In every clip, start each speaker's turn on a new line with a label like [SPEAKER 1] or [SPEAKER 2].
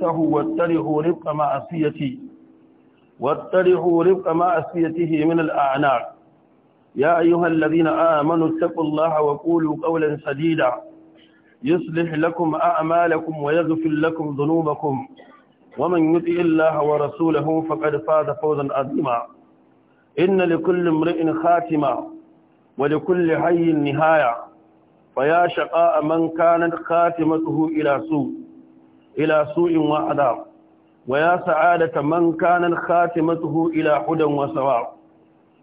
[SPEAKER 1] ته واترهوا رفق معصيتي واترهوا رفق معصيته من الأعناق يا أيها الذين آمنوا اتقوا الله وقولوا قولا سديدا يصلح لكم أعمالكم ويغفر لكم ذنوبكم ومن يطع الله ورسوله فقد فاز فوزا عظيما إن لكل امرئ خاتمة ولكل حي نهاية فيا شقاء من كانت خاتمته إلى سوء إلى سوء وعذاب ويا سعادة من كان خاتمته إلى حدى وسواء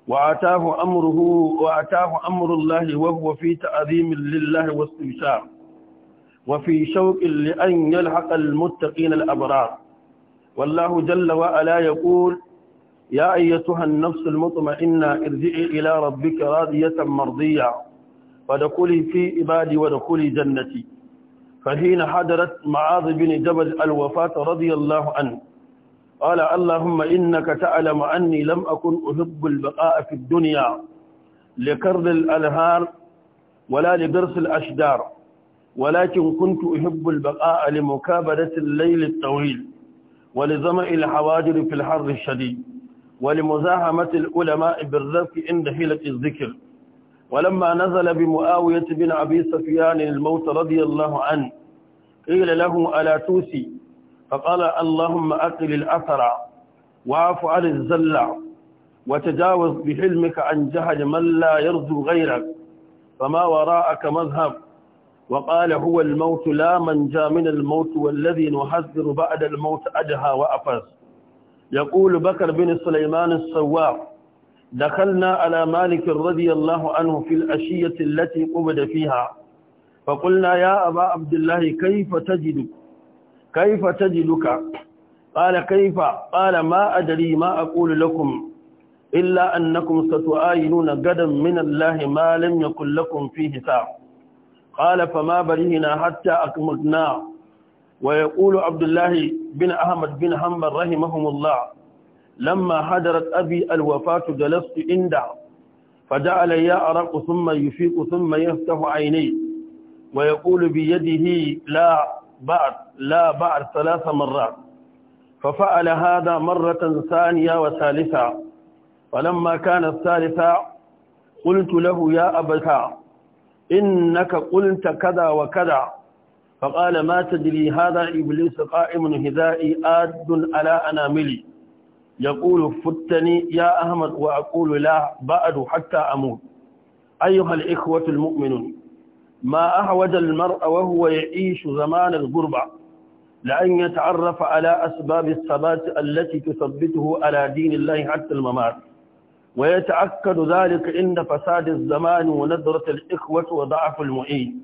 [SPEAKER 1] وأتاه أمره وأتاه أمر الله وهو في تعظيم لله واستبشار وفي شوق لأن يلحق المتقين الأبرار والله جل وعلا يقول يا أيتها النفس المطمئنة ارجعي إلى ربك راضية مرضية فدخلي في عبادي ودخلي جنتي فحين حضرت معاذ بن جبل الوفاة رضي الله عنه قال اللهم إنك تعلم أني لم أكن أحب البقاء في الدنيا لكرد الأنهار ولا لدرس الأشجار ولكن كنت أحب البقاء لمكابدة الليل الطويل ولزمع الحواجر في الحر الشديد ولمزاحمة العلماء بالرفق عند حيلة الذكر ولما نزل بمؤاوية بن أبي سفيان الموت رضي الله عنه قيل له ألا توسي فقال اللهم أقل الأثر واعف عن الزلع وتجاوز بحلمك عن جهل من لا يرجو غيرك فما وراءك مذهب وقال هو الموت لا من جاء من الموت والذي نحذر بعد الموت أجهى وأفز يقول بكر بن سليمان السواق دخلنا على مالك رضي الله عنه في الأشية التي قبض فيها فقلنا يا أبا عبد الله كيف تجد كيف تجدك قال كيف قال ما أدري ما أقول لكم إلا أنكم ستؤاينون غدا من الله ما لم يكن لكم فيه حساب قال فما برهنا حتى أكملنا ويقول عبد الله بن أحمد بن حنبل رحمهم الله لما حضرت أبي الوفاة جلست عنده فجعل يعرق ثم يفيق ثم يفتح عينيه ويقول بيده لا بعد لا بعد ثلاث مرات ففعل هذا مرة ثانية وثالثة فلما كان الثالثة قلت له يا أبتا إنك قلت كذا وكذا فقال ما تدري هذا إبليس قائم هذائي آد على أناملي يقول فتني يا أحمد وأقول لا بعد حتى أموت أيها الإخوة المؤمنون ما أحوج المرء وهو يعيش زمان الغربة لأن يتعرف على أسباب الثبات التي تثبته على دين الله حتى الممات ويتأكد ذلك إن فساد الزمان ونذرة الإخوة وضعف المعين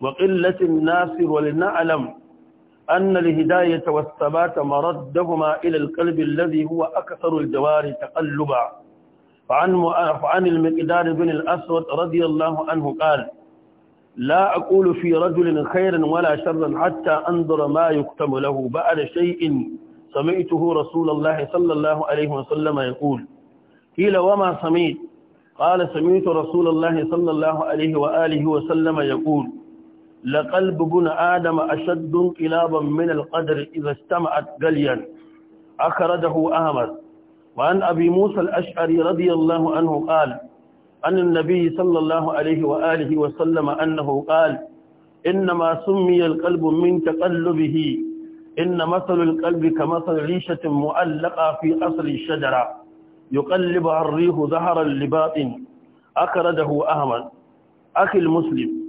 [SPEAKER 1] وقلة الناس ولنعلم أن الهداية والثبات مردهما إلى القلب الذي هو أكثر الجوار تقلبا فعن, فعن المقدار بن الأسود رضي الله عنه قال لا أقول في رجل خيرا ولا شرا حتى أنظر ما يكتم له بعد شيء سمعته رسول الله صلى الله عليه وسلم يقول قيل وما سمعت قال سمعت رسول الله صلى الله عليه وآله وسلم يقول لقلب بن آدم أشد انقلابا من القدر إذا استمعت قليا أخرجه أحمد وعن أبي موسى الأشعري رضي الله عنه قال عن النبي صلى الله عليه وآله وسلم أنه قال إنما سمي القلب من تقلبه إن مثل القلب كمثل ريشة معلقة في أصل الشجرة يقلبها الريح ظهرا لباطن أخرجه أحمد أخي المسلم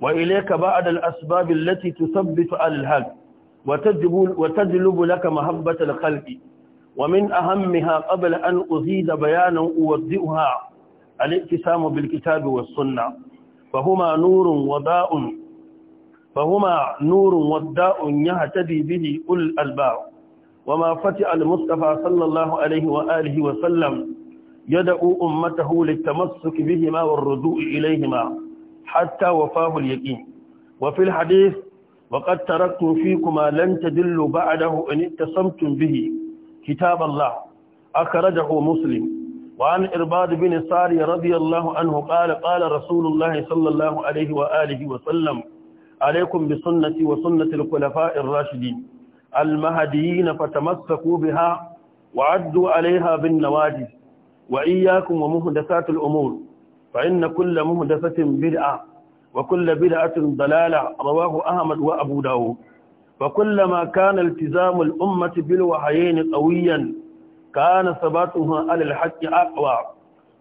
[SPEAKER 1] وإليك بعد الأسباب التي تثبت على الحق وتجلب لك محبة الخلق ومن أهمها قبل أن أزيد بيانا أوضئها الاتسام بالكتاب والسنة فهما نور وضاء فهما نور وداء يهتدي به أول الباع وما فتئ المصطفى صلى الله عليه وآله وسلم يدعو أمته للتمسك بهما والرجوع إليهما حتى وفاه اليقين وفي الحديث وقد تركتم فيكما لن تدلوا بعده إن اتصمتم به كتاب الله أخرجه مسلم وعن إرباد بن ساري رضي الله عنه قال قال رسول الله صلى الله عليه وآله وسلم عليكم بسنتي وسنة الخلفاء الراشدين المهديين فتمسكوا بها وعدوا عليها بالنواجذ وإياكم ومهدسات الأمور فإن كل مهدفة بدعة وكل بدعة ضلالة رواه أحمد وأبو داود فكلما كان التزام الأمة بالوحيين قويا كان ثباتها على الحق أقوى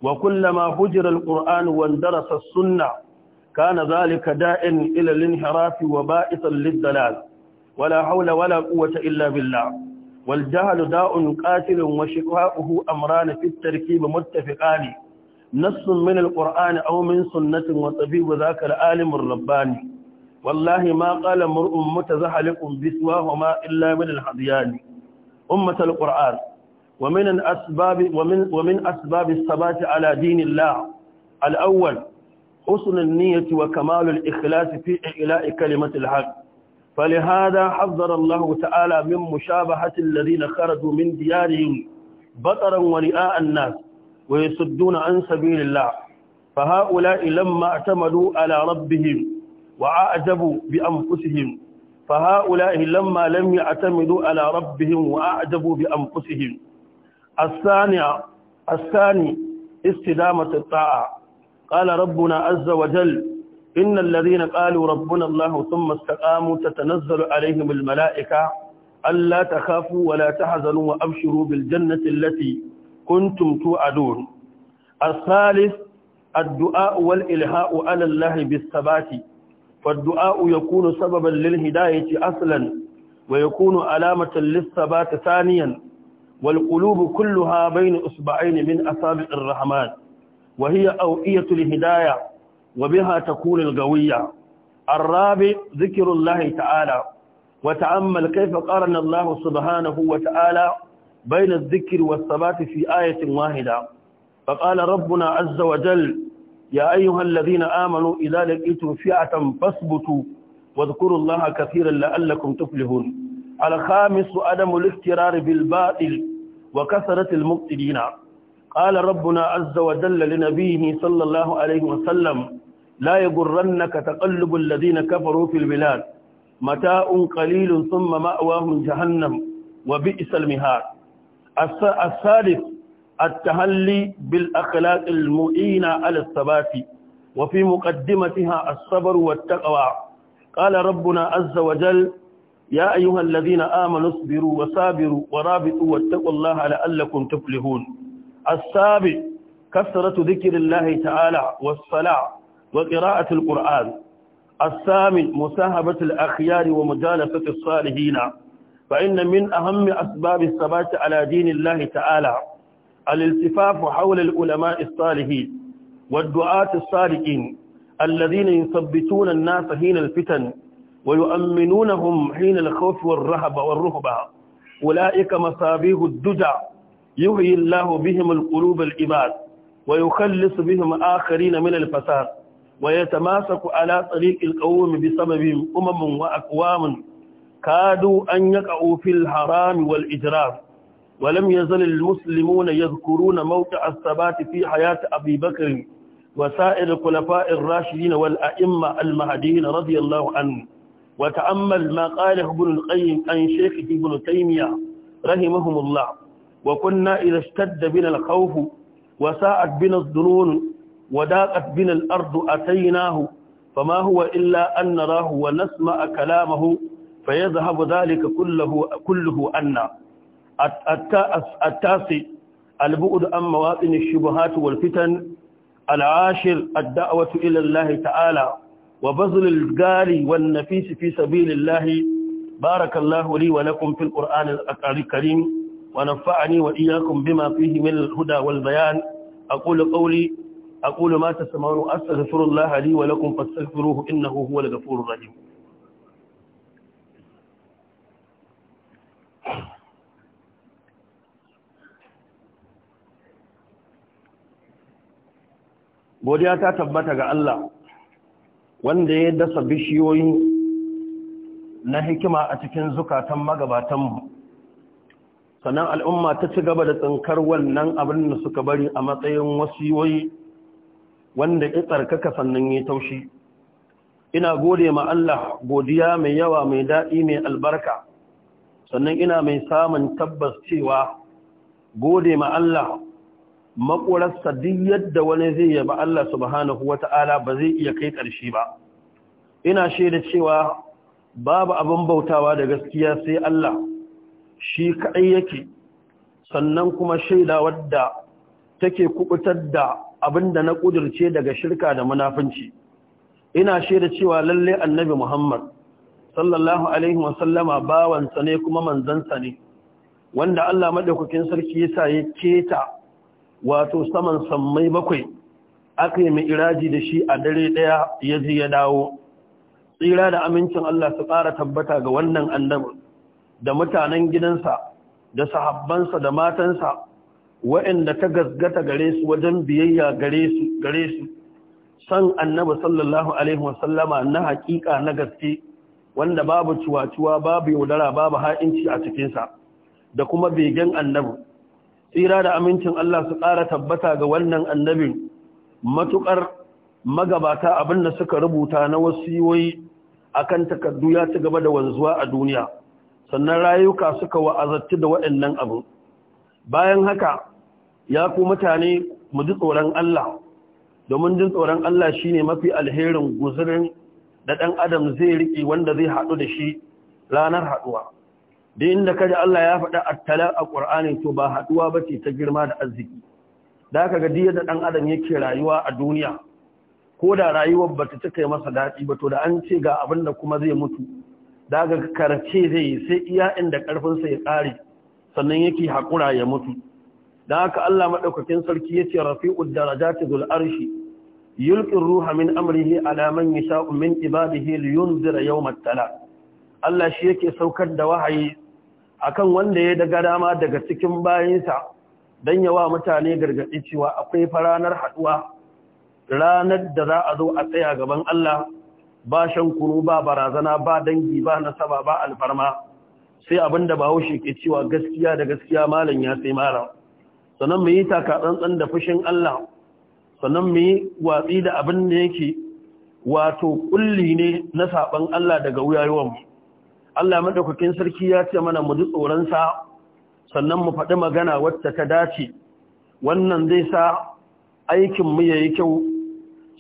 [SPEAKER 1] وكلما فجر القرآن واندرس السنة كان ذلك داء إلى الانحراف وبائسا للدلال ولا حول ولا قوة إلا بالله والجهل داء قاتل وشقاؤه أمران في التركيب متفقان نص من القرآن أو من سنة وطبيب ذاك العالم الرباني والله ما قال مرء متزحلق بسواهما إلا من الحضيان أمة القرآن ومن الأسباب ومن, ومن أسباب الثبات على دين الله الأول حسن النية وكمال الإخلاص في إعلاء كلمة الحق فلهذا حذر الله تعالى من مشابهة الذين خرجوا من ديارهم بطرا ورئاء الناس ويصدون عن سبيل الله فهؤلاء لما اعتمدوا على ربهم وأعجبوا بأنفسهم فهؤلاء لما لم يعتمدوا على ربهم وأعجبوا بأنفسهم الثانية الثاني استدامة الطاعة قال ربنا عز وجل إن الذين قالوا ربنا الله ثم استقاموا تتنزل عليهم الملائكة ألا تخافوا ولا تحزنوا وأبشروا بالجنة التي كنتم توعدون الثالث الدعاء والإلهاء على الله بالثبات فالدعاء يكون سببا للهداية أصلا ويكون علامة للثبات ثانيا والقلوب كلها بين أصبعين من أصابع الرحمن وهي أوئية الهداية وبها تكون القوية الرابع ذكر الله تعالى وتأمل كيف قارن الله سبحانه وتعالى بين الذكر والثبات في آية واحدة فقال ربنا عز وجل يا أيها الذين آمنوا إذا لقيتم فئة فاثبتوا واذكروا الله كثيرا لعلكم تفلحون الخامس عدم الاغترار بالباطل وكثرة المبتدين قال ربنا عز وجل لنبيه صلى الله عليه وسلم لا يغرنك تقلب الذين كفروا في البلاد متاع قليل ثم مأواهم جهنم وبئس المهاد الثالث التهلي بالأخلاق المؤينة على الثبات وفي مقدمتها الصبر والتقوى قال ربنا عز وجل يا أيها الذين آمنوا اصبروا وصابروا ورابطوا واتقوا الله لعلكم تفلحون السابع كثرة ذكر الله تعالى والصلاة وقراءة القرآن الثامن مساهبة الأخيار ومجالسة الصالحين فإن من أهم أسباب الثبات على دين الله تعالى الالتفاف حول العلماء الصالحين والدعاة الصالحين الذين يثبتون الناس حين الفتن ويؤمنونهم حين الخوف والرهب والرهبة أولئك مصابيح الدجى يحيي الله بهم القلوب العباد ويخلص بهم آخرين من الفساد ويتماسك على طريق القوم بسببهم أمم وأقوام كادوا أن يقعوا في الحرام والإجرام ولم يزل المسلمون يذكرون موقع الثبات في حياة أبي بكر وسائر الخلفاء الراشدين والأئمة المهديين رضي الله عنه وتأمل ما قاله ابن القيم عن شيخه ابن تيمية رحمهم الله وكنا إذا اشتد بنا الخوف وساءت بنا الظنون وداقت بنا الأرض أتيناه فما هو إلا أن نراه ونسمع كلامه فيذهب ذلك كله كله أن التاسع البعد عن مواطن الشبهات والفتن العاشر الدعوة إلى الله تعالى وبذل الجاري والنفيس في سبيل الله بارك الله لي ولكم في القرآن الكريم ونفعني وإياكم بما فيه من الهدى والبيان أقول قولي أقول ما تسمعون أستغفر الله لي ولكم فاستغفروه إنه هو الغفور الرحيم godiya ta tabbata ga Allah wanda ya dasa bishiyoyi na hikima a cikin zukatan magabatanmu sannan al'umma ta ci gaba da tsinkar wannan abin da suka bari a matsayin wasiyoyi wanda ya tsarkaka sannan ya taushi ina gode ma Allah godiya mai yawa mai daɗi mai albarka sannan ina mai samun tabbas cewa gode ma Allah makurarsa duk yadda wani zai yaba Allah subhanahu wata'ala ba zai iya kai ƙarshe ba ina shaida cewa babu abin bautawa da gaskiya sai Allah shi kaɗai yake sannan kuma shaida wadda take kubutar da abin da na ƙudurce daga shirka da munafunci ina shaida cewa lalle annabi Muhammad sallallahu alaihi wasallama bawansa ne kuma manzansa ne wanda Allah madaukakin sarki yasa ya keta wato saman sammai bakwai aka yi iraji da shi a dare ɗaya ya ji ya dawo tsira da amincin Allah su ƙara tabbata ga wannan annabin da mutanen gidansa da sahabbansa da matansa waɗanda ta gasgata gare su wajen biyayya gare su gare su san annabi sallallahu alaihi wasallama na haƙiƙa na gaske wanda babu ciwaciwa babu yaudara babu ha'inci a cikinsa da kuma begen annabi tsira da amincin Allah su ƙara tabbata ga wannan annabin matuƙar magabata abin da suka rubuta na wasu a kan takardu ya ci gaba da wanzuwa a duniya sannan rayuka suka wa'azatti da waɗannan abu bayan haka ya ku mutane mu ji tsoron Allah domin jin tsoron Allah shi ne mafi alherin guzurin da ɗan adam zai riƙe wanda zai haɗu da shi ranar haɗuwa da inda kaji Allah ya faɗa a tala a Qur'ani to ba haɗuwa ba ce ta girma da arziki da ka ga da ɗan adam yake rayuwa a duniya ko da rayuwar bata ta kai masa daɗi ba to da an ce ga abin da kuma zai mutu da ga karce zai yi sai iya inda ƙarfinsa ya kare sannan yake haƙura ya mutu da aka Allah maɗaukakin sarki yace rafi'ud darajati zul arshi yulqi ruha min amrihi ala man yasha'u min ibadihi liyunzira Allah shi yake saukar da wahayi akan wanda ya daga dama daga cikin bayinsa don yawa mutane gargaɗi cewa akwai faranar haɗuwa ranar da za a zo a tsaya gaban Allah ba shan kunu ba barazana ba dangi ba nasaba ba alfarma sai abin da bahaushe ke cewa gaskiya da gaskiya malam ya sai malam sannan mu yi taka tsantsan da fushin Allah sannan mu yi watsi da abin da yake wato kulli ne na saban Allah daga wuyayenmu Allah madaukakin sarki ya ce mana mu ji tsoron sa sannan mu faɗi magana wacce ta dace wannan zai sa aikin mu yayi kyau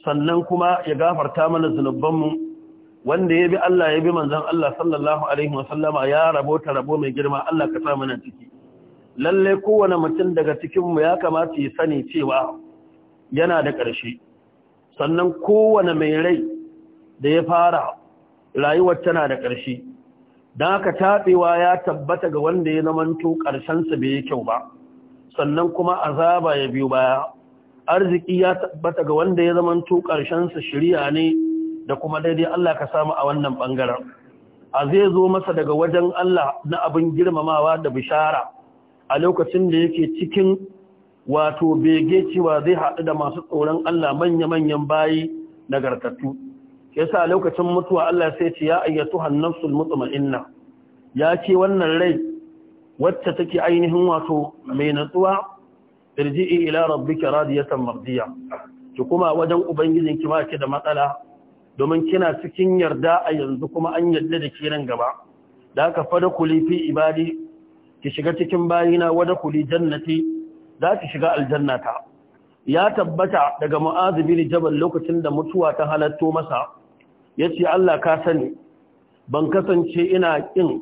[SPEAKER 1] sannan kuma ya gafarta mana zunuban mu wanda ya bi Allah ya bi manzon Allah sallallahu alaihi wasallama ya rabo ta rabo mai girma Allah ka sa mana ciki lalle kowane mutum daga cikin mu ya kamata ya sani cewa yana da ƙarshe sannan kowane mai rai da ya fara rayuwar tana da ƙarshe don haka taɓewa ya tabbata ga wanda ya zamanto ƙarshensa bai yi kyau ba sannan kuma azaba ya biyu baya arziki ya tabbata ga wanda ya zamanto ƙarshensa shirya ne da kuma daidai Allah ka samu a wannan ɓangaren a zai zo masa daga wajen Allah na abin girmamawa da bishara a lokacin da yake cikin wato bege cewa zai haɗu da masu tsoron Allah manya-manyan bayi nagartattu yasa lokacin mutuwa Allah sai ce ya ayyatu hannafsul mutma'inna ya ce wannan rai wacce take ainihin wato mai natsuwa irji'i ila rabbika radiyatan mardiya ki kuma wajen ubangijin ki ba ki da matsala domin kina cikin yarda a yanzu kuma an yarda da kiran gaba da aka fada kuli fi ibadi ki shiga cikin bayina wada kuli jannati za ki shiga aljannata ya tabbata daga mu'azibi jabal lokacin da mutuwa ta halatto masa ya ce Allah ka sani ban kasance ina ƙin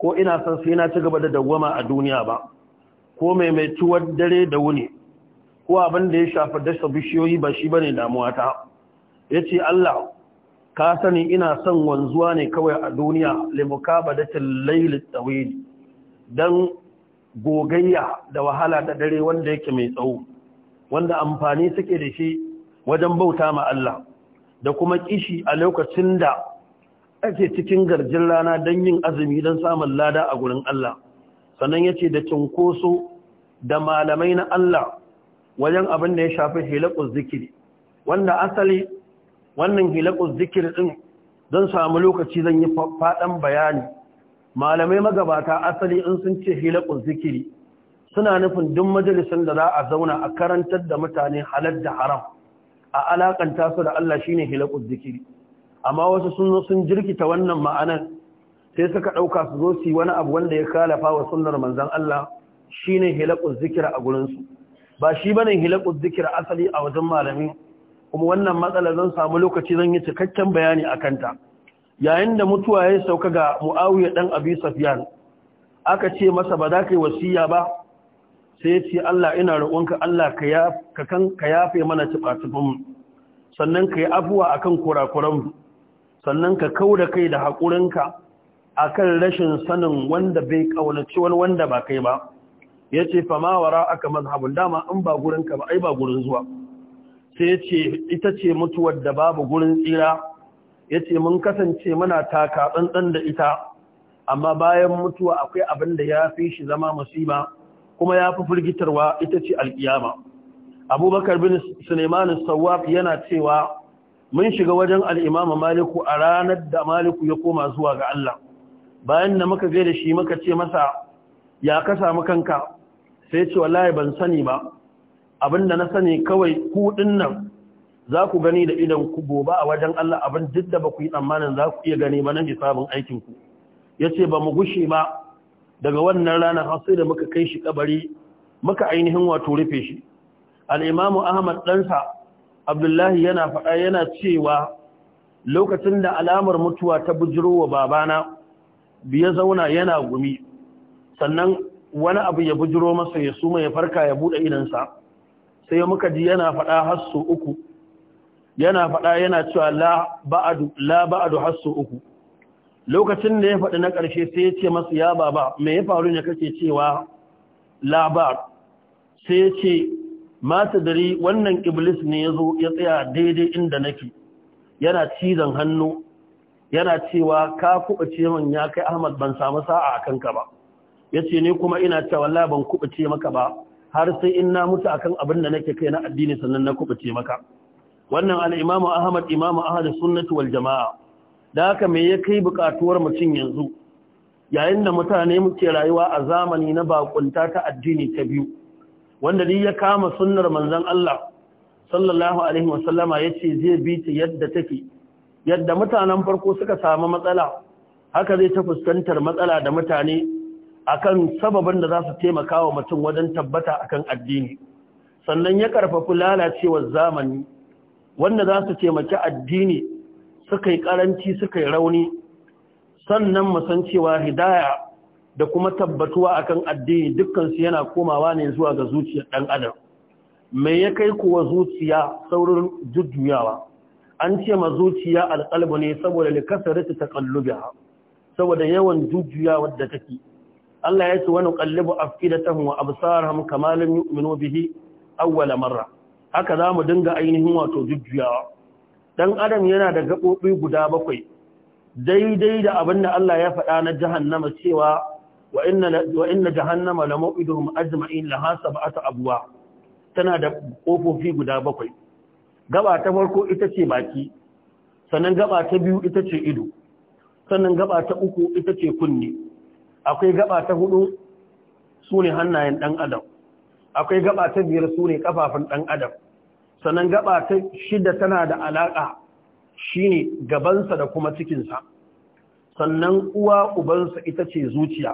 [SPEAKER 1] ko ina son sai na ci gaba da dawwama a duniya ba ko mai mai tuwar dare da wuni ko abin da ya shafi dasa bishiyoyi ba shi bane damuwa ta ya ce Allah ka sani ina son wanzuwa ne kawai a duniya da layl tawil dan gogayya da wahala da dare wanda yake mai tsawo wanda amfani suke da shi wajen bauta ma Allah da kuma kishi a lokacin da ake cikin garjin rana don yin azumi don samun lada a gurin Allah sannan ya ce da cinkoso da malamai na Allah wajen abin da ya shafi hilakus zikiri wanda asali wannan hilakus zikiri din don samu lokaci zan yi faɗan bayani malamai magabata asali in sun ce hilakus zikiri suna nufin duk majalisun da za a zauna a karantar da mutane halar da haram a alakanta su da Allah shi ne hilakus zikiri amma wasu sun zo sun jirkita wannan ma'anar sai suka ɗauka su zo su yi wani abu wanda ya kalafa wa sunnar manzan Allah ne hilakus zikira a gurin ba shi bane hilakus zikira asali a wajen malamin kuma wannan matsala zan samu lokaci zan yi cikakken bayani a kanta. yayin da mutuwa ya sauka ga Muawiya dan Abi Sufyan aka ce masa ba za ka yi wasiya ba sai ce Allah ina roƙonka Allah ka kan ka yafe mana tubatubun sannan ka yi afuwa akan kurakuran sannan ka kauda kai da haƙurinka akan rashin sanin wanda bai kaunaci wani wanda ba kai ba yace fa ma wara aka mazhabun dama in ba gurinka ba ai ba gurin zuwa sai yace ita ce mutuwar da babu gurin tsira yace mun kasance muna taka tsantsan da ita amma bayan mutuwa akwai abin da ya fi shi zama musiba kuma ya fi firgitarwa ita ce alkiyama abubakar bin suleiman sawaf yana cewa mun shiga wajen al'imama maliku a ranar da maliku ya koma zuwa ga Allah bayan da muka gai da shi muka ce masa ya ka samu kanka sai ce wallahi ban sani ba Abin da na sani kawai kuɗin nan za ku gani da idan ku gobe a wajen Allah abin duk da ba ku yi tsammanin za ku iya gani ba nan hisabin aikinku ya ce ba mu gushe ba daga wannan ranar har da muka kai shi kabari muka ainihin wato rufe shi al-imamu ahmad ɗansa abdullahi yana faɗa yana cewa lokacin da alamar mutuwa ta bujirowa babana biya zauna yana gumi sannan wani abu ya bujiro masa ya suma ya farka ya buɗe idansa sai muka ji yana faɗa hasu uku yana faɗa yana cewa la ba'adu la ba'adu uku lokacin da ya faɗi na ƙarshe sai ya ce masu ya ba, mai ya faru ne kake cewa labar sai ya ce mata dari wannan iblis ne ya zo ya tsaya daidai inda nake yana cizon hannu yana cewa ka kuɓa ce man ya kai ahmad ban samu sa'a a kanka ba ya ce ni kuma ina cewa wallahi ban kuɓa ce maka ba har sai in na mutu akan abin da nake kai na addini sannan na kuɓa ce maka wannan al'imamu ahmad imamu ahad sunnatu wal jama'a da haka me ya kai bukatuwar mutum yanzu yayin da mutane muke rayuwa a zamani na bakunta ta addini ta biyu wanda ni ya kama sunnar manzon Allah sallallahu alaihi wasallama yace zai bi ta yadda take yadda mutanen farko suka samu matsala haka zai ta fuskantar matsala da mutane akan sababin da za su taimaka wa mutum wajen tabbata akan addini sannan ya karfafi lalacewar zamani wanda za su taimaki addini suka yi karanci suka yi rauni sannan mu cewa hidaya da kuma tabbatuwa akan addini dukkansu yana komawa ne zuwa ga zuciyar dan adam me ya kai kuwa zuciya saurin jujjuyawa an ce ma zuciya alqalbu ne saboda likasarati taqallubiha saboda yawan jujjuyawa da take Allah ya ce wani kallibu afidatahum wa absarahum kamalan yu'minu bihi awwala marra haka zamu dinga ainihin wato jujjuyawa dan adam yana da gaɓoɓi guda bakwai daidai da abin da Allah ya faɗa na jahannama cewa wa inna jahannama la maw'iduhum ajma'in laha sab'atu abwa tana da kofofi guda bakwai gaba ta farko ita ce baki sannan gaba ta biyu ita ce ido sannan gaba ta uku ita ce kunne akwai gaba ta hudu su ne hannayen dan adam akwai gaba ta biyar su ne kafafun dan adam sannan gaba ta shida tana da alaƙa shine gabansa da kuma cikinsa sannan uwa ubansa ita ce zuciya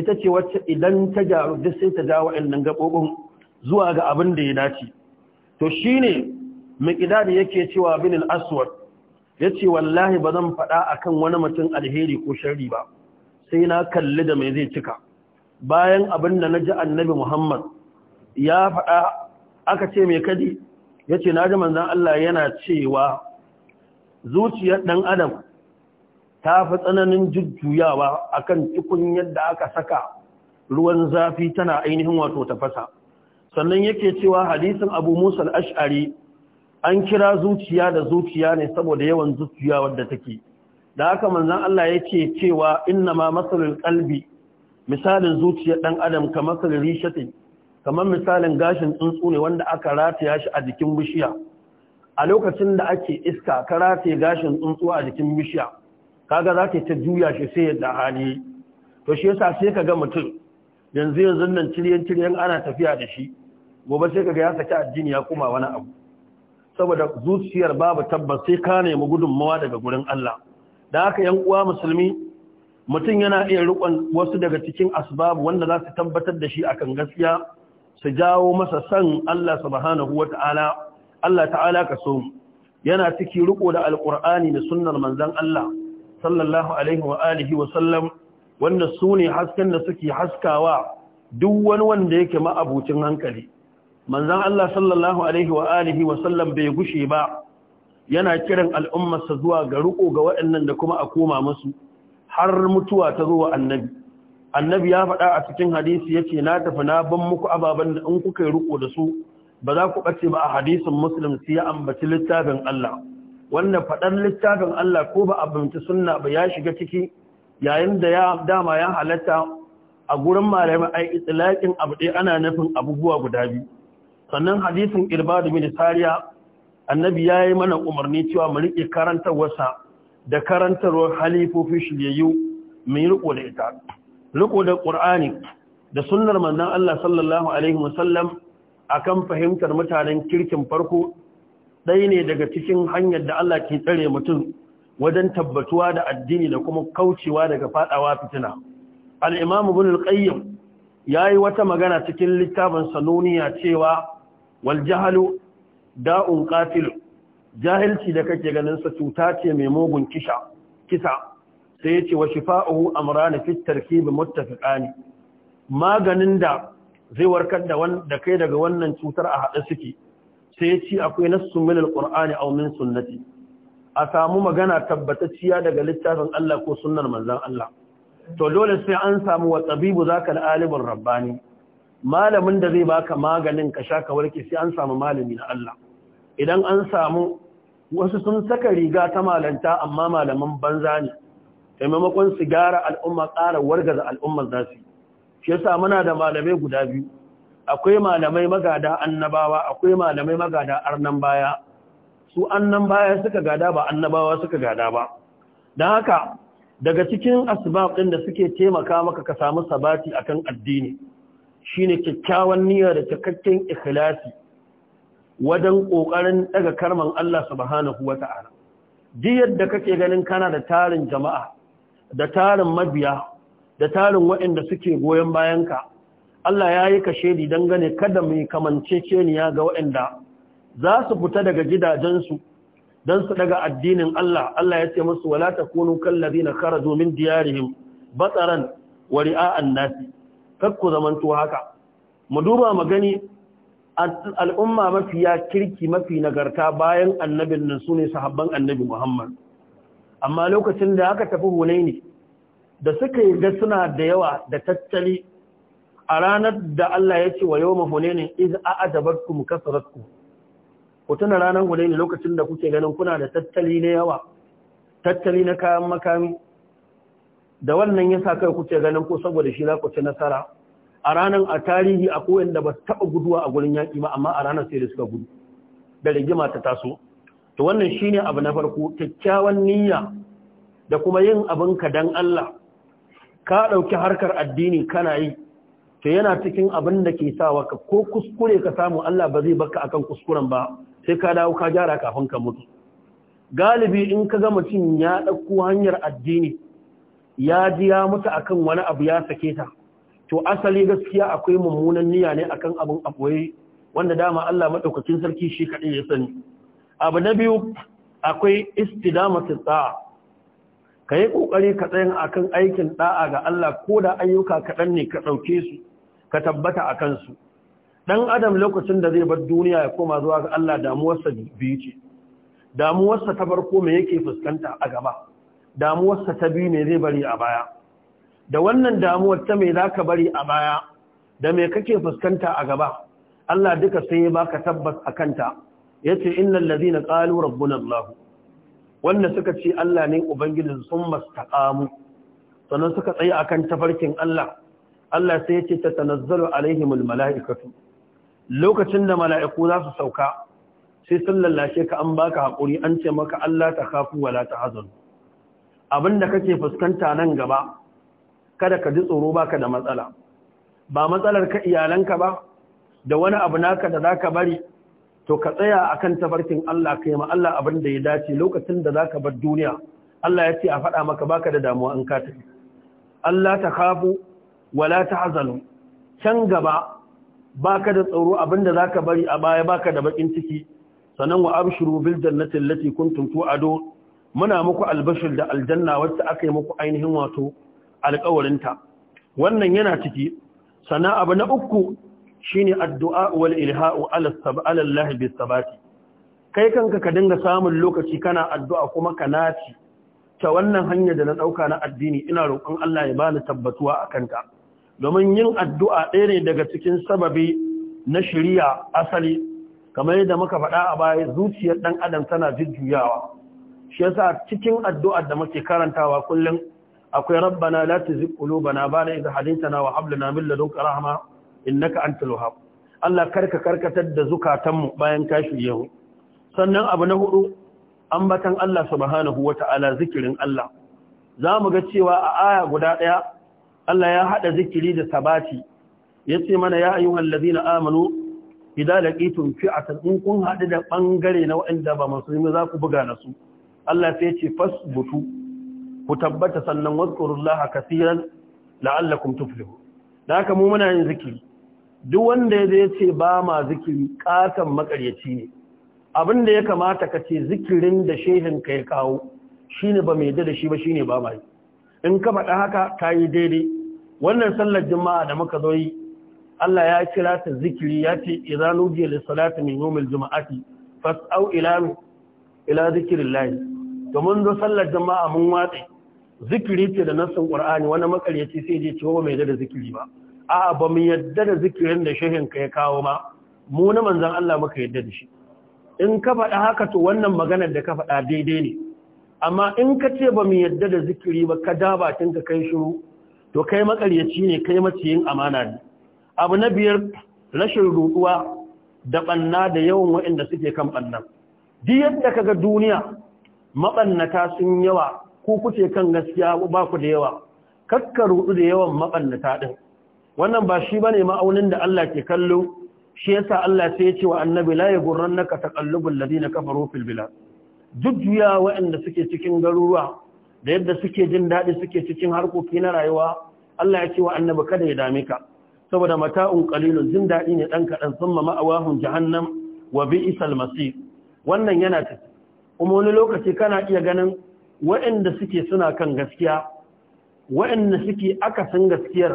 [SPEAKER 1] ita ce wacce idan ta jaru duk sai ta jawo wa'annan gaɓoɓin zuwa ga abin da ya dace to shine miqdad yake cewa binin al-aswad yace wallahi ba zan faɗa akan wani mutum alheri ko sharri ba sai na kalli da mai zai cika bayan abin da ji annabi Muhammad ya faɗa aka ce mai kadi Ya ce na naji Manzan Allah yana cewa zuciyar ɗan adam ta fi tsananin jujjuyawa a kan cikin yadda aka saka ruwan zafi tana ainihin wato tafasa sannan yake cewa hadisin Abu Musa ashari an kira zuciya da zuciya ne saboda yawan zuciya wadda take da haka Manzan Allah ya ce cewa inna ma matsalin kalbi misalin zuciyar ɗan adam ka kamar rishatin kamar misalin gashin tsuntsu ne wanda aka rataya shi a jikin bishiya a lokacin da ake iska ka rataye gashin tsuntsu a jikin bishiya kaga za ka ta juya shi sai yadda hali to shi yasa sai ka ga mutum yanzu yanzu nan ciryen ciryen ana tafiya da shi gobe sai ka ga ya saki addini ya kuma wani abu saboda zuciyar babu tabbas sai ka nemi gudunmawa daga gurin Allah da haka yan uwa musulmi mutum yana iya rikon wasu daga cikin asbabu wanda za su tabbatar da shi akan gaskiya su jawo masa san Allah subhanahu Allah ta'ala ka so yana ciki riko da alqur'ani da sunnar Manzan Allah sallallahu alaihi wa alihi sallam wanda sune hasken da suke haskawa duk wani wanda yake ma'abucin hankali manzon Allah sallallahu alaihi wa alihi sallam bai gushe ba yana kiran al'ummarsa zuwa ga riko ga waɗannan da kuma a koma musu har mutuwa ta zo wa annabi annabi ya faɗa a cikin hadisi ya ce na tafi na ban muku ababen da in kuka yi riko da su ba za ku ɓace ba a hadisin musulun su ya ambaci littafin Allah wanda faɗar littafin Allah ko ba abinci sunna ba ya shiga ciki yayin da ya dama ya halatta a gurin malamai ai itilakin abu ɗaya ana nufin abubuwa guda biyu sannan hadisin irbadu da sariya annabi ya yi mana umarni cewa mu riƙe karantarwarsa da karantarwar halifofi shiryayyu mu yi riƙo da ita riko da ƙur'ani da sunnar manzon Allah sallallahu alaihi wasallam kan fahimtar mutanen kirkin farko ɗaya ne daga cikin hanyar da Allah ke tsare mutum wajen tabbatuwa da addini da kuma kaucewa daga fadawa fitina al-imam Ƙayyam ya yi wata magana cikin littafin sanuniya cewa "Waljahalu, da'un ƙafil, jahilci da kake ganin sa cuta ce mai mugun kisa sai ya ce wa shifa'uhu amrani fi tarkib muttafiqani maganin da zai warkar da wanda kai daga wannan cutar a hada suke sai ya ce akwai nasu min alqur'ani aw min sunnati a samu magana tabbatacciya daga littafin Allah ko sunnar manzon Allah to dole sai an samu wa tabibu zaka alimul rabbani malamin da zai baka maganin ka sha ka warke sai an samu malami na Allah idan an samu wasu sun saka riga ta malanta amma malaman banza ne da maimakon su al'umma ƙara wargaza al'ummar za su shi yasa muna da malamai guda biyu akwai malamai magada annabawa akwai malamai magada arnan baya su annan baya suka gada ba annabawa suka gada ba don haka daga cikin asbab ɗin da suke taimaka maka ka samu sabati akan addini shine kyakkyawan niyya da cikakken ikhlasi wajen ƙoƙarin daga karman Allah subhanahu wata'ala duk yadda kake ganin kana da tarin jama'a da tarin mabiya da tarin waɗanda suke goyon bayan ka, Allah ya yi don dangane kada mai ceniya ga waɗanda za su fita daga gidajensu don su daga addinin Allah Allah ya ce musu wala kallari na kara domin diyarihim batsaran wa ri'a'an nasi kakku zamanto haka mu duba gani al'umma mafiya kirki mafi nagarta bayan annabin nan sune sahabban annabi Muhammad amma lokacin da aka tafi hunaini da suka yi ga suna da yawa da tattali a ranar da Allah ya ce wa yau mahunainin iz a'adabarku mu kasarar ku tuna ranar hunaini lokacin da kuke ganin kuna da tattali na yawa tattali na kayan makami da wannan ya sa kai kuke ganin ko saboda shi za ku ci nasara a ranar a tarihi a koyan da ba taɓa guduwa a gurin yaƙi ba amma a ranar sai da suka gudu da rigima ta taso to wannan shi ne abu na farko kyakkyawan niyya da kuma yin abin ka dan Allah ka ɗauki harkar addini kana yi to yana cikin abin da ke sawa ka ko kuskure ka samu Allah ba zai baka akan kuskuren ba sai ka dawo ka gyara kafin ka mutu galibi in ka gama cin ya ɗauko hanyar addini ya ji ya mutu akan wani abu ya sake ta to asali gaskiya akwai mummunan niyya ne akan abin akwai wanda dama Allah madaukakin sarki shi kadai ya sani abu na biyu akwai istidamatu ta'a ka yi ƙoƙari ka tsayin akan aikin ɗa'a ga Allah ko da ayyuka kaɗan ne ka ɗauke su ka tabbata a kansu ɗan adam lokacin da zai bar duniya ya koma zuwa ga Allah damuwarsa biyu ce damuwarsa ta farko me yake fuskanta a gaba damuwarsa ta biyu ne zai bari a baya da wannan damuwar ta mai za ka bari a baya da mai kake fuskanta a gaba Allah duka sai ya baka tabbas a kanta Ya ce innal ladina qalu rabbuna allah wanda suka ce Allah ne ubangijin sun mastaqamu sannan suka a akan tafarkin Allah Allah sai yace tatanazzalu alaihimul malaikatu lokacin da mala'iku za su sauka sai sun lallashe ka an baka haƙuri an ce maka Allah ta kafu wala ta hazan abinda kake fuskanta nan gaba kada ka ji tsoro baka da matsala ba matsalar ka iyalanka ba da wani abu naka da zaka bari to ka tsaya a kan tafarkin Allah ka ma Allah abin da ya dace lokacin da za ka bar duniya Allah ya ce a faɗa maka ba ka da damuwa in ka tafi Allah ta kafu wala hazalu can gaba ba ka da tsoro abin da za ka bari a baya ba ka da bakin ciki sanan wa abshuru bil jannati allati kuntum muna muku albashir da aljanna wacce aka yi muku ainihin wato alƙawarinta wannan yana ciki sana abu na uku shine addu'a wal ilha'u ala Allah bis sabati kai kanka ka dinga samun lokaci kana addu'a kuma ka naci ta wannan hanyar da na dauka na addini ina roƙon Allah ya bani tabbatuwa akan ta domin yin addu'a ɗaya ne daga cikin sababi na shiriya asali kamar yadda muka faɗa a baya zuciyar ɗan adam tana jujjuyawa shi yasa cikin addu'ar da muke karantawa kullum akwai rabbana la tuzigh qulubana ba'da idh hadaytana wa hab lana min ladunka rahma innaka antal wahhab Allah karka karkatar da zukatanmu bayan ka shirye mu sannan abu na hudu ambatan Allah subhanahu wata'ala zikirin Allah zamu ga cewa a aya guda daya Allah ya hada zikiri da sabati yace mana ya ayyuhal ladina amanu idza laqitum fi'atan in kun hadu da bangare na wanda ba musulmi za ku buga da su Allah sai ya ce fasbutu ku tabbata sannan wazkurullaha kaseeran la'allakum tuflihun da haka mu muna yin zikiri duk wanda ya zai ce ba ma zikiri ƙatan makaryaci ne abinda ya kamata ka ce zikirin da shehin ka ya kawo shi ne ba mai da shi ba shi ne ba mai in ka faɗa haka ta yi daidai wannan sallar juma'a da muka zo yi Allah ya kira ta zikiri ya ce idza da salatu salati min yawmil juma'ati fas'au ila ila zikrillah to mun zo sallar juma'a mun watsi zikiri ce da nasin qur'ani wani makaryaci sai je ce ba mai da zikiri ba A'a ba mu yadda da zikirin da shehin ka ya kawo ma mu na manzan Allah muka yadda da shi in ka faɗa haka to wannan maganar da ka faɗa daidai ne amma in ka ce ba mu yadda da zikiri ba ka daba tun ka kai shiru to kai makaryaci ne kai maciyin amana ne abu na biyar rashin ruɗuwa da ɓanna da yawan waɗanda suke kan ɓannan duk yadda kaga duniya mabannata sun yawa ku kuce kan gaskiya ba ku da yawa kakka ruɗu da yawan maɓannata din wannan ba shi ne ma'aunin da Allah ke kallo shi yasa Allah sai ya ce wa annabi la yughurrannaka taqallubul ladina kafaru fil bilad jujjuya waɗanda suke cikin garuruwa da yadda suke jin daɗi suke cikin harkoki na rayuwa Allah ya ce wa annabi kada ya dame ka saboda mata'un qalilun jin daɗi ne dan kadan ma ma'awahum jahannam wa bi'sal masir wannan yana ta kuma wani lokaci kana iya ganin waɗanda suke suna kan gaskiya waɗanda suke akasin gaskiyar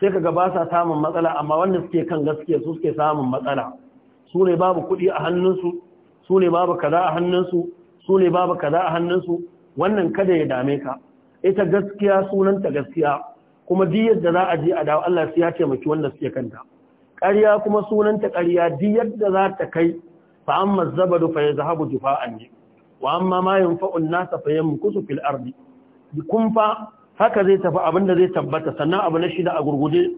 [SPEAKER 1] sai kaga ba sa samun matsala amma wanda suke kan gaskiya su suke samun matsala su ne babu kuɗi a hannunsu su ne babu kaza a hannunsu su ne babu kaza a hannunsu wannan kada ya dame ka ita gaskiya sunanta gaskiya kuma duk yadda za a je a dawo Allah sai ya taimaki wanda suke kanta ƙarya kuma sunanta ƙarya duk yadda za ta kai fa amma zabadu fa yazhabu jufa'an wa amma ma yanfa'u an-nasa fa yamkusu fil ardi kun fa haka zai tafi abin da zai tabbata sannan abu na shida a gurguje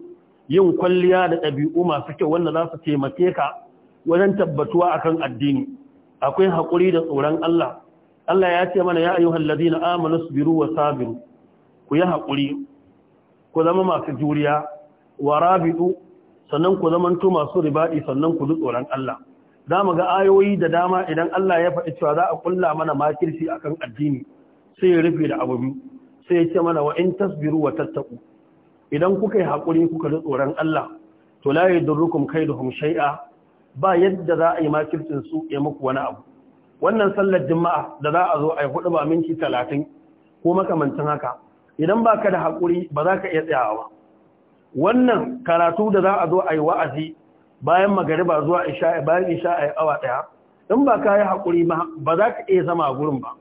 [SPEAKER 1] yin kwalliya da ɗabi'u masu kyau wanda za su taimake ka wajen tabbatuwa akan addini akwai haƙuri da tsoron Allah Allah ya ce mana ya ayyuhal ladina amanu sabiru wa sabiru ku yi haƙuri ku zama masu juriya wa rabidu sannan ku zama to masu ribadi sannan ku tsoron Allah za mu ga ayoyi da dama idan Allah ya faɗi cewa za a kulla mana makirci akan addini sai ya rufe da abu sai ya ce mana wa in tasbiru wa tattaku idan kuka yi haƙuri kuka ji tsoron Allah to la kai kaiduhum shay'a ba yadda za a yi makircin su ya muku wani abu wannan sallar juma'a da za a zo a yi hudu ba minti talatin, ko makamantan haka idan baka da haƙuri ba za ka iya tsayawa ba. wannan karatu da za a zo a yi wa'azi bayan magariba zuwa isha bayan yi awa ɗaya? in ba ka yi haƙuri ba za ka iya zama a gurin ba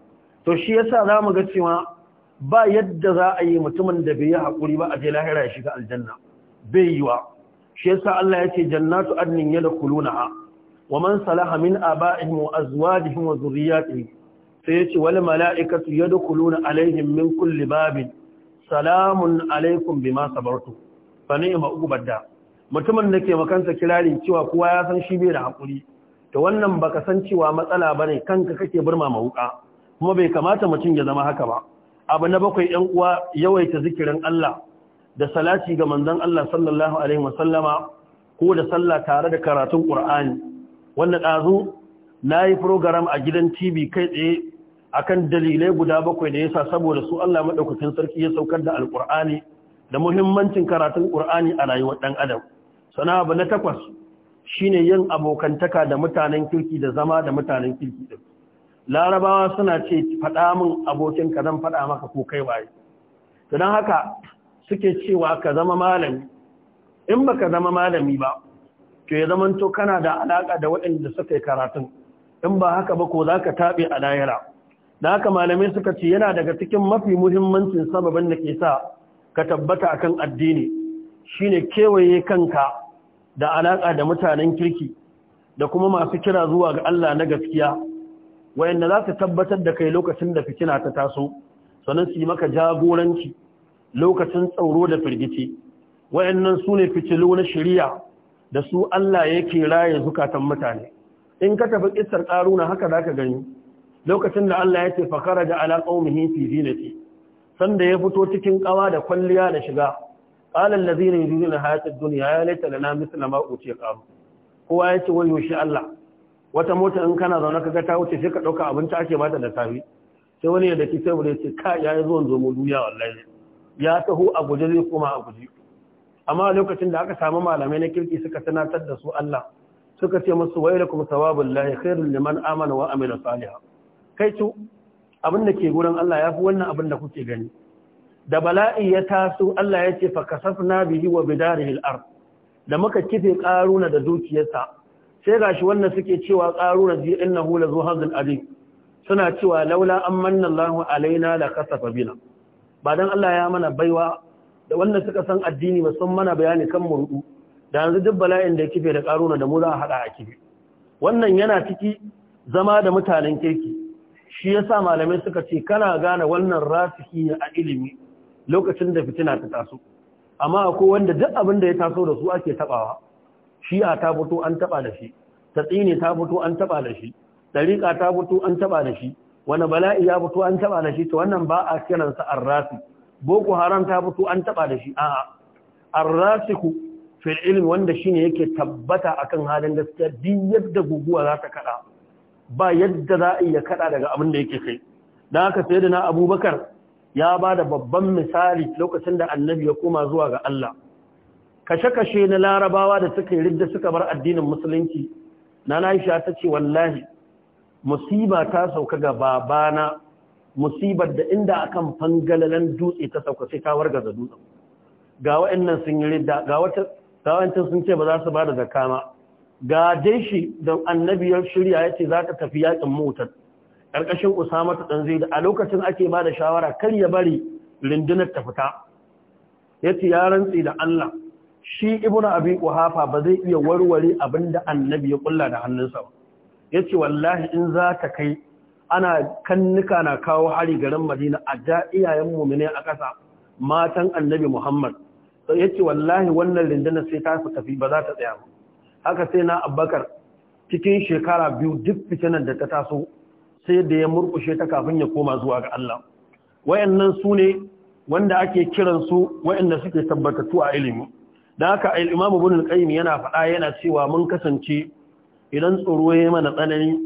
[SPEAKER 1] to shi yasa za mu ga cewa ba yadda za a yi mutumin da bai yi haƙuri ba a je lahira ya shiga aljanna bai yiwa shi yasa Allah ya ce jannatu adnin yadkhulunaha wa man salaha min aba'ihim wa azwajihim wa dhurriyyatihim sai yace wal mala'ikatu yadkhuluna alaihim min kulli babin salamun alaikum bima sabartu fa ni'ma uqbadda mutumin da ke makansa kirari cewa kowa ya san shi bai da haƙuri to wannan baka san cewa matsala bane kanka kake burma mahuka kuma bai kamata mutum ya zama haka ba abu na bakwai ‘yan uwa yawaita zikirin Allah da salati ga manzan Allah sallallahu Alaihi wasallama ko da sallah tare da karatun ƙur'ani wanda ɗazu na yi program a gidan tv kai tsaye a kan dalilai guda bakwai da ya sa saboda su Allah maɗaukacin sarki ya saukar da alƙura'ani da muhimmancin karatun ƙur'ani a rayuwar ɗan adam sana abu na takwas shine yin abokantaka da mutanen kirki da zama da mutanen kirki ɗin larabawa suna ce faɗa min abokin ka zan faɗa maka ko kai waye to don haka suke cewa ka zama malami in baka zama malami ba to ya zaman to kana da alaka da waɗanda suka yi karatun in ba haka ba ko zaka tabe a dayara. da haka malamai suka ce yana daga cikin mafi muhimmancin sababin da ke sa ka tabbata akan addini shine kewaye kanka da alaka da mutanen kirki da kuma masu kira zuwa ga Allah na gaskiya wayanda za su tabbatar da kai lokacin da fitina ta taso sannan su yi maka jagoranci lokacin tsoro da firgici wayannan su ne fitilu na shari'a da su Allah yake raye zukatan mutane in ka tafi kissar karuna haka zaka gani lokacin da Allah ya ce fa kharaja ala qaumihi fi zinati sanda ya fito cikin kawa da kwalliya da shiga qala allazina yuriduna hayata ad-dunya ya laita lana mithla ma utiya qaru kowa yace wai yoshi Allah wata mota in kana zaune ga ta wuce sai ka ɗauka abinci ake mata da safi sai wani yadda ki sai ce ka ya yi zuwan zomo duniya wallahi ya taho a guje zai koma a guje amma lokacin da aka samu malamai na kirki suka sanatar da su Allah suka ce masu wai lakum kuma lahi khairul liman amana wa amila salihan kai tu abin da ke gurin Allah ya fi wannan abin da kuke gani da bala'i ya taso Allah ya ce fa kasafna bihi wa bidarihi al-ard da muka kife karuna da dukiyarsa sai gashi wannan suke cewa qaruna zi innahu la zu hazin adim suna cewa laula an manna Allahu alaina da kasafa bina ba dan Allah ya mana baiwa da wannan suka san addini ba sun mana bayani kan murdu da yanzu duk bala'in da kife da ƙaruna da mu za a hada a kife wannan yana ciki zama da mutanen kirki shi yasa malamai suka ce kana gane wannan rasiki ne a ilimi lokacin da fitina ta taso amma akwai wanda duk abin da ya taso da su ake taɓawa? shi'a ta fito an taba da shi tatsini ta fito an taba da shi dariqa ta fito an taba da shi wani bala'i ya fito an taba da shi to wannan ba a kiran sa arrasi boko haram ta fito an taba da shi a'a arrasiku fil ilmi wanda shine yake tabbata akan halin gaskiya din yadda guguwa za ta kada ba yadda za a iya kada daga abin da yake kai dan haka na abubakar ya ba da babban misali lokacin da annabi ya koma zuwa ga Allah kashe-kashe na larabawa da suka yi ridda suka bar addinin musulunci na Aisha ta ce wallahi musiba ta sauka ga babana musibar da inda akan fangalalan dutse ta sauka sai ta da dutsen ga wa'annan sun yi ridda ga wata gawancin sun ce ba za su ba da zakka ma ga shi da annabiyar shirya ya ce za ka tafi yakin motar ƙarƙashin usama ta ɗan zai da a lokacin ake bada shawara kar ya bari rundunar ta fita ya ya rantsi da allah shi ibn abi quhafa ba zai iya warware abin da annabi ya kulla da hannunsa ba yace wallahi in za ta kai ana kannuka na kawo hari garin Madina a ja iyayen mu'mine a ƙasa matan annabi Muhammad Ya yace wallahi wannan rindana sai ta fi tafi ba za ta tsaya ba haka sai na Abubakar cikin shekara biyu duk fitinan da ta taso sai da ya murkushe ta kafin ya koma zuwa ga Allah wayannan su ne wanda ake kiransu wayanda suke tabbatattu a ilimi da haka al-imam al-qayyim yana faɗa yana cewa mun kasance idan tsoro ya mana tsanani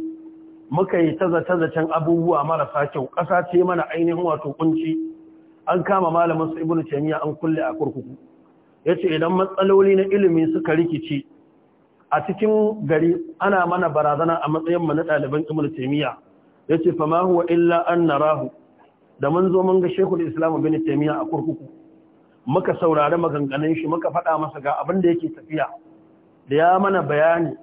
[SPEAKER 1] muka yi tazace-zacen abubuwa marasa kyau ƙasa ce mana ainihin wato kunci an kama malamin su ibn taymiya an kulle a kurkuku yace idan matsaloli na ilimi suka rikici a cikin gari ana mana barazana a matsayin mu na ɗaliban ibn taymiya yace fa ma huwa illa an narahu da mun zo mun ga shekul islam ibn taymiya a kurkuku muka saurari maganganun shi muka faɗa masa ga abin da yake tafiya da ya mana bayani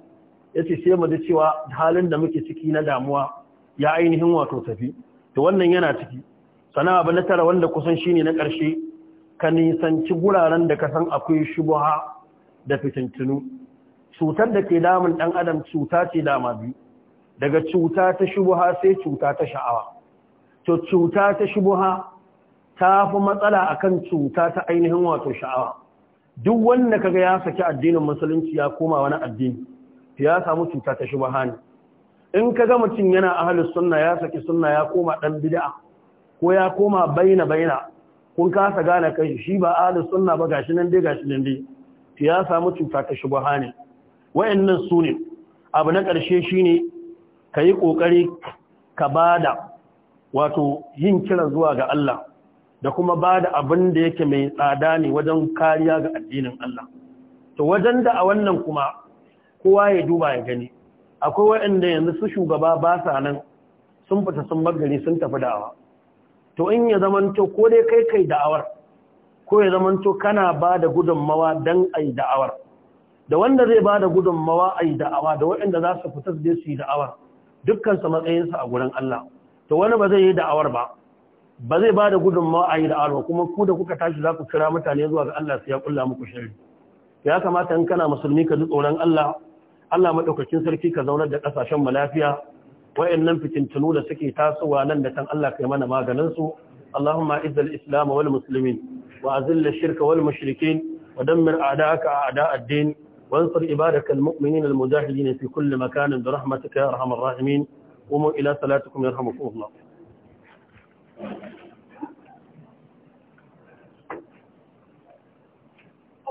[SPEAKER 1] ya ce sai mu ji cewa halin da muke ciki na damuwa ya ainihin wato tafi to wannan yana ciki sana abu na tara wanda kusan shi ne na ƙarshe ka nisanci guraren da ka san akwai shubuha da fitintunu cutar da ke damun ɗan adam cuta ce dama biyu daga cuta ta shubuha sai cuta ta sha'awa to cuta ta shubuha ta fi matsala a kan cuta ta ainihin wato sha'awa duk wanda kaga ya saki addinin musulunci ya koma wani addini ya samu cuta ta shubha in kaga mutum yana ahlus sunna ya saki sunna ya koma dan bid'a ko ya koma baina baina kun kasa gane kai shi ba ahlus sunna ba gashi nan dai gashi nan dai ya samu cuta ta shubha wayannan sune abu na ƙarshe shine kai kokari ka bada wato yin kiran zuwa ga Allah da kuma ba da abin da yake mai tsada ne wajen kariya ga addinin Allah to wajen da a wannan kuma kowa ya duba ya gani akwai waɗanda yanzu su shugaba ba sa nan sun fita sun bagari sun tafi da'awa to in ya zamanto ko dai kai kai da'awar ko ya zamanto kana ba da gudunmawa don a yi da'awar da wanda zai ba da gudunmawa a yi da'awa da waɗanda za su fita su je su yi da'awar dukkansu matsayinsa a gurin Allah to wani ba zai yi da'awar ba ba zai ba da gudunmawa a yi da arwa kuma ku da kuka tashi za ku kira mutane zuwa ga Allah su ya kulla muku shari ya kamata in kana musulmi ka ji tsoron Allah Allah maɗaukacin sarki ka zaunar da kasashen mu lafiya wayannan fitintunu da suke tasowa nan da kan Allah kai mana maganin su Allahumma izzil islam wal muslimin wa azil ash-shirka wal mushrikeen wa dammir a'da'aka a'da' ad-din muminin al المؤمنين fi في makanin مكان برحمتك يا arhamar rahimin قوموا الى صلاتكم يرحمكم الله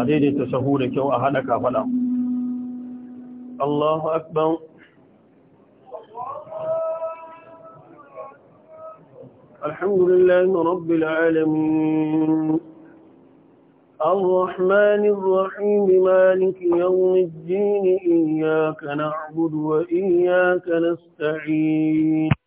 [SPEAKER 1] a daidaita sahu da kyau a haɗa kafaɗa. Allahu Akbar. Alhamdulillahi Rabbil Alamin. الرحمن الرحيم مالك يوم الدين إياك نعبد وإياك نستعين